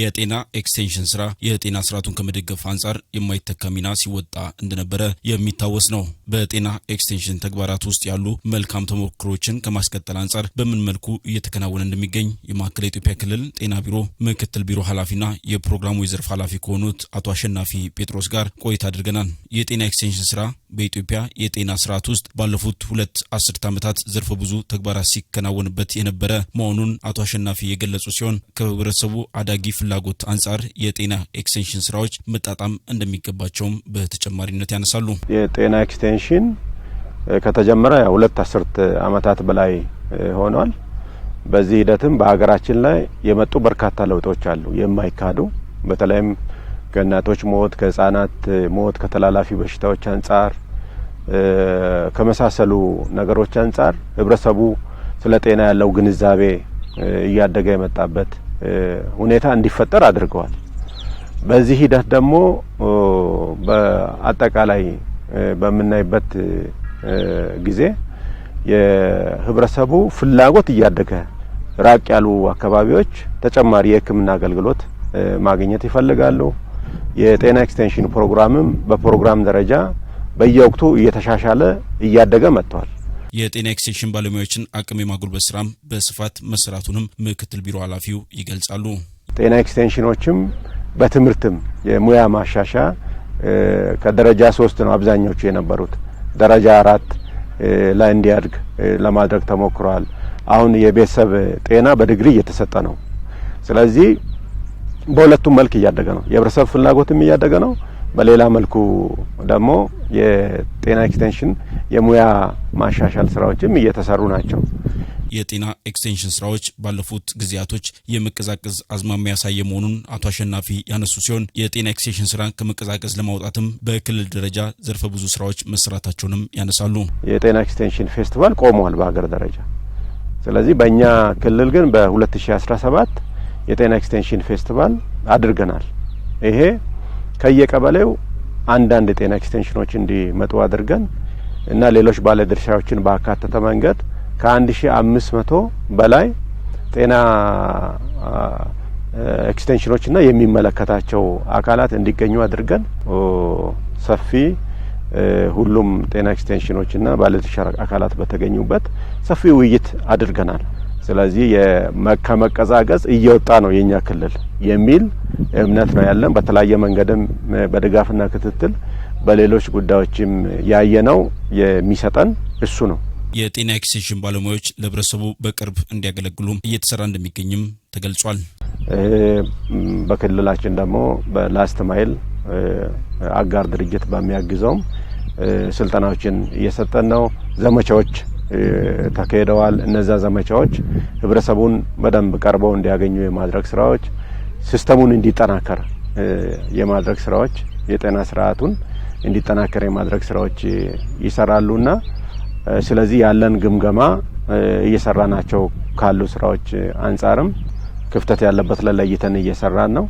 የጤና ኤክስቴንሽን ስራ የጤና ስርዓቱን ከመደገፍ አንጻር የማይተካ ሚና ሲወጣ እንደነበረ የሚታወስ ነው። በጤና ኤክስቴንሽን ተግባራት ውስጥ ያሉ መልካም ተሞክሮችን ከማስቀጠል አንጻር በምን መልኩ እየተከናወነ እንደሚገኝ የማዕከላዊ ኢትዮጵያ ክልል ጤና ቢሮ ምክትል ቢሮ ኃላፊና የፕሮግራሙ የዘርፍ ኃላፊ ከሆኑት አቶ አሸናፊ ጴጥሮስ ጋር ቆይታ አድርገናል። የጤና ኤክስቴንሽን ስራ በኢትዮጵያ የጤና ስርዓት ውስጥ ባለፉት ሁለት አስርት ዓመታት ዘርፈ ብዙ ተግባራት ሲከናወንበት የነበረ መሆኑን አቶ አሸናፊ የገለጹ ሲሆን ከህብረተሰቡ አዳጊ ፍላጎት አንጻር የጤና ኤክስቴንሽን ስራዎች መጣጣም እንደሚገባቸውም በተጨማሪነት ያነሳሉ። የጤና ኤክስቴንሽን ከተጀመረ ሁለት አስርት ዓመታት በላይ ሆኗል። በዚህ ሂደትም በሀገራችን ላይ የመጡ በርካታ ለውጦች አሉ የማይካዱ በተለይም ከእናቶች ሞት፣ ከህጻናት ሞት፣ ከተላላፊ በሽታዎች አንጻር ከመሳሰሉ ነገሮች አንጻር ህብረተሰቡ ስለ ጤና ያለው ግንዛቤ እያደገ የመጣበት ሁኔታ እንዲፈጠር አድርገዋል። በዚህ ሂደት ደግሞ በአጠቃላይ በምናይበት ጊዜ የህብረተሰቡ ፍላጎት እያደገ ራቅ ያሉ አካባቢዎች ተጨማሪ የሕክምና አገልግሎት ማግኘት ይፈልጋሉ። የጤና ኤክስቴንሽን ፕሮግራምም በፕሮግራም ደረጃ በየወቅቱ እየተሻሻለ እያደገ መጥቷል። የጤና ኤክስቴንሽን ባለሙያዎችን አቅም የማጉልበት ስራም በስፋት መሰራቱንም ምክትል ቢሮ ኃላፊው ይገልጻሉ። ጤና ኤክስቴንሽኖችም በትምህርትም የሙያ ማሻሻ ከደረጃ ሶስት ነው አብዛኞቹ የነበሩት ደረጃ አራት ላይ እንዲያድግ ለማድረግ ተሞክሯል። አሁን የቤተሰብ ጤና በድግሪ እየተሰጠ ነው። ስለዚህ በሁለቱም መልክ እያደገ ነው። የህብረተሰብ ፍላጎትም እያደገ ነው። በሌላ መልኩ ደግሞ የጤና ኤክስቴንሽን የሙያ ማሻሻል ስራዎችም እየተሰሩ ናቸው። የጤና ኤክስቴንሽን ስራዎች ባለፉት ጊዜያቶች የመቀዛቀዝ አዝማሚያ ያሳየ መሆኑን አቶ አሸናፊ ያነሱ ሲሆን የጤና ኤክስቴንሽን ስራ ከመቀዛቀዝ ለማውጣትም በክልል ደረጃ ዘርፈ ብዙ ስራዎች መሰራታቸውንም ያነሳሉ። የጤና ኤክስቴንሽን ፌስቲቫል ቆመዋል በሀገር ደረጃ። ስለዚህ በእኛ ክልል ግን በ2017 የጤና ኤክስቴንሽን ፌስቲቫል አድርገናል። ይሄ ከየቀበሌው አንዳንድ የጤና ኤክስቴንሽኖች እንዲመጡ አድርገን እና ሌሎች ባለድርሻዎችን ባካተተ መንገድ ከ1500 በላይ ጤና ኤክስቴንሽኖችና የሚመለከታቸው አካላት እንዲገኙ አድርገን ሰፊ ሁሉም ጤና ኤክስቴንሽኖችና ባለድርሻ አካላት በተገኙበት ሰፊ ውይይት አድርገናል። ስለዚህ ከመቀዛቀዝ እየወጣ ነው የኛ ክልል የሚል እምነት ነው ያለን። በተለያየ መንገድም በድጋፍና ክትትል በሌሎች ጉዳዮችም ያየነው የሚሰጠን እሱ ነው። የጤና ኤክስቴንሽን ባለሙያዎች ለህብረተሰቡ በቅርብ እንዲያገለግሉ እየተሰራ እንደሚገኝም ተገልጿል። በክልላችን ደግሞ በላስት ማይል አጋር ድርጅት በሚያግዘውም ስልጠናዎችን እየሰጠን ነው። ዘመቻዎች ተካሂደዋል። እነዛ ዘመቻዎች ህብረተሰቡን በደንብ ቀርበው እንዲያገኙ የማድረግ ስራዎች፣ ሲስተሙን እንዲጠናከር የማድረግ ስራዎች፣ የጤና ስርዓቱን እንዲጠናከር የማድረግ ስራዎች ይሰራሉና ስለዚህ ያለን ግምገማ እየሰራ ናቸው ካሉ ስራዎች አንጻርም ክፍተት ያለበት ለለይተን እየሰራን ነው።